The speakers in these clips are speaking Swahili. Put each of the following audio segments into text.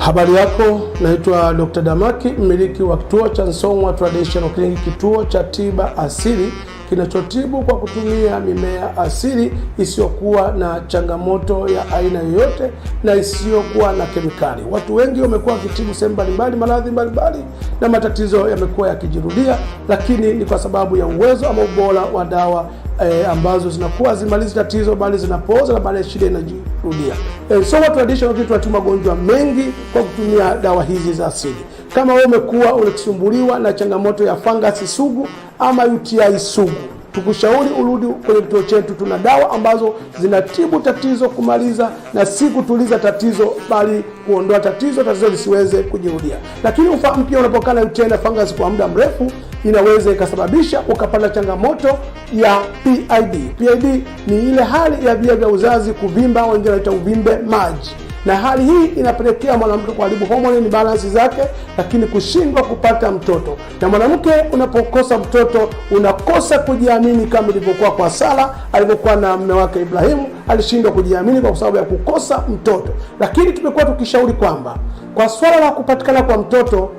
Habari yako, naitwa Dr. Damaki, mmiliki wa kituo cha Song'wa Traditional Clinic, kituo cha tiba asili kinachotibu kwa kutumia mimea asili isiyokuwa na changamoto ya aina yoyote na isiyokuwa na kemikali. Watu wengi wamekuwa wakitibu sehemu mbalimbali maradhi mbalimbali, na matatizo yamekuwa yakijirudia, lakini ni kwa sababu ya uwezo ama ubora wa dawa eh, ambazo zinakuwa zimalizi tatizo bali zinapoza na baadaye shida inajirudia. Eh, so watu traditional kitu watu magonjwa mengi kwa kutumia dawa hizi za asili. Kama wewe umekuwa unakisumbuliwa na changamoto ya fangasi sugu ama UTI sugu, tukushauri urudi kwenye kituo chetu. Tuna dawa ambazo zinatibu tatizo, kumaliza na si kutuliza tatizo, bali kuondoa tatizo, tatizo lisiweze kujirudia. Lakini ufahamu pia, unapokana utenda fangasi kwa muda mrefu inaweza ikasababisha ukapata changamoto ya PID. PID ni ile hali ya via vya uzazi kuvimba, wengine wanaita uvimbe maji, na hali hii inapelekea mwanamke kuharibu homoni ni balansi zake, lakini kushindwa kupata mtoto. Na mwanamke unapokosa mtoto unakosa kujiamini, kama ilivyokuwa kwa Sara alivyokuwa na mme wake Ibrahimu, alishindwa kujiamini kwa sababu ya kukosa mtoto. Lakini tumekuwa tukishauri kwamba kwa swala la kupatikana kwa mtoto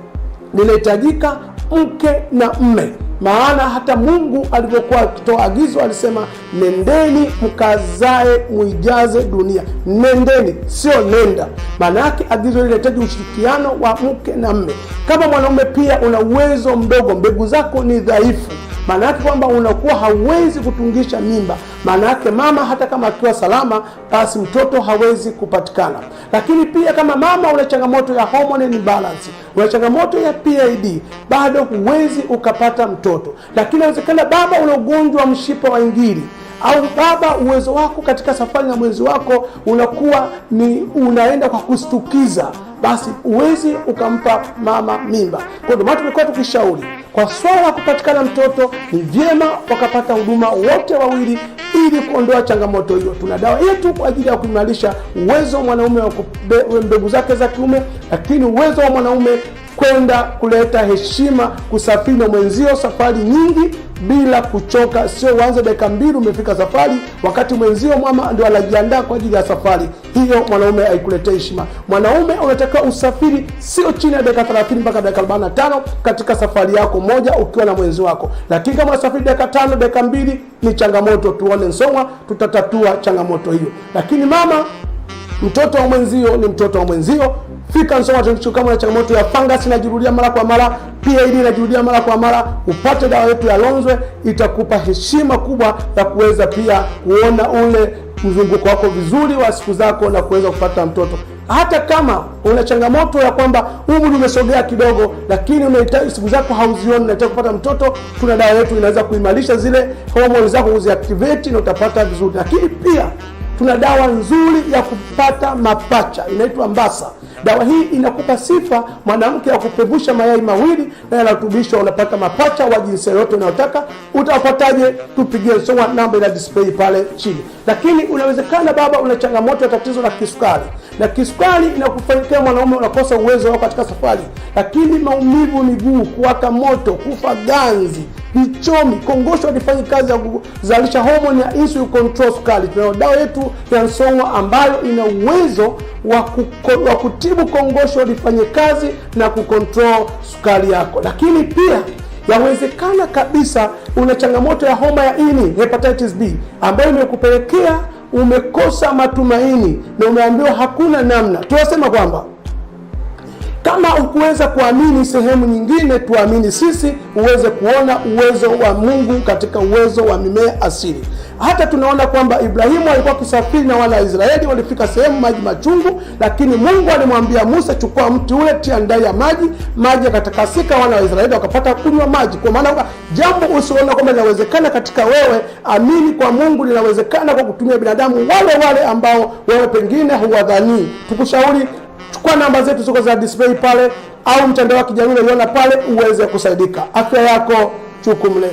linahitajika mke na mme, maana hata Mungu alivyokuwa akitoa agizo alisema, nendeni mkazae muijaze dunia. Nendeni, sio nenda. Maana yake agizo linahitaji ushirikiano wa mke na mme. Kama mwanaume pia una uwezo mdogo, mbegu zako ni dhaifu maana yake kwamba unakuwa hauwezi kutungisha mimba. Maana yake mama hata kama akiwa salama, basi mtoto hawezi kupatikana. Lakini pia kama mama una changamoto ya hormone imbalance, una changamoto ya PID, bado huwezi ukapata mtoto. Lakini inawezekana baba una ugonjwa wa mshipa wa ingiri au baba, uwezo wako katika safari na mwenzi wako unakuwa ni unaenda kwa kustukiza, basi uwezi ukampa mama mimba. Kwa ndio maana tumekuwa tukishauri kwa swala la kupatikana mtoto, ni vyema wakapata huduma wote wawili ili kuondoa changamoto hiyo. Tuna dawa yetu kwa ajili ya kuimarisha uwezo wa mwanaume wa mbegu zake za kiume, lakini uwezo wa mwanaume kwenda kuleta heshima, kusafiri na mwenzio safari nyingi bila kuchoka. Sio uanze dakika mbili umefika safari, wakati mwenzio mama ndio anajiandaa kwa ajili ya safari hiyo. Mwanaume haikuletea heshima. Mwanaume unatakiwa usafiri sio chini ya dakika thelathini mpaka dakika tano katika safari yako moja ukiwa na mwenzi wako, lakini kama safari dakika tano dakika mbili ni changamoto. Tuone Song'wa tutatatua changamoto hiyo, lakini mama mtoto wa mwenzio ni mtoto wa mwenzio. Fika Nsoma tunachukua changamoto ya fangasi inajirudia mara kwa mara, PID inajirudia mara kwa mara, upate dawa yetu ya Lonzwe, itakupa heshima kubwa ya kuweza pia kuona ule mzunguko wako vizuri wa siku zako na kuweza kupata mtoto hata kama una changamoto ya kwamba umri umesogea kidogo, lakini unahitaji siku zako hauzioni, unahitaji kupata mtoto, kuna dawa yetu inaweza kuimarisha zile homoni zako uziactivate na utapata vizuri, lakini pia Tuna dawa nzuri ya kupata mapacha inaitwa Mbasa. Dawa hii inakupa sifa mwanamke ya kupevusha mayai mawili na yanarutubishwa, unapata mapacha wa jinsia yote unayotaka. Utawapataje? Tupigie namba ina display pale chini. Lakini unawezekana baba, una changamoto ya tatizo la kisukari na kisukari inakufanyikia mwanaume unakosa uwezo wao katika safari, lakini maumivu miguu, kuwaka moto, kufa ganzi, vichomi, kongosho alifanyi kazi ya kuzalisha homoni ya insulin control sukari. Tunayo dawa yetu ya Song'wa ambayo ina uwezo wa kutibu kongosho lifanye kazi na kukontrol sukari yako, lakini pia yawezekana kabisa una changamoto ya homa ya ini hepatitis B ambayo imekupelekea umekosa matumaini na umeambiwa hakuna namna, tunasema kwamba kama ukuweza kuamini sehemu nyingine, tuamini sisi, uweze kuona uwezo wa Mungu katika uwezo wa mimea asili. Hata tunaona kwamba Ibrahimu alikuwa akisafiri na wana Israeli, walifika sehemu maji machungu, lakini Mungu alimwambia Musa, chukua mti ule, tia ndani ya maji, maji yakatakasika, wana wa Israeli wakapata kunywa maji. Kwa maana jambo usiona kwamba linawezekana katika wewe, amini kwa Mungu, linawezekana kwa kutumia binadamu wale wale ambao wewe pengine huwadhanii. Tukushauri, chukua namba zetu ziko za display pale, au mtandao wa kijamii unaiona pale, uweze kusaidika. Afya yako jukumu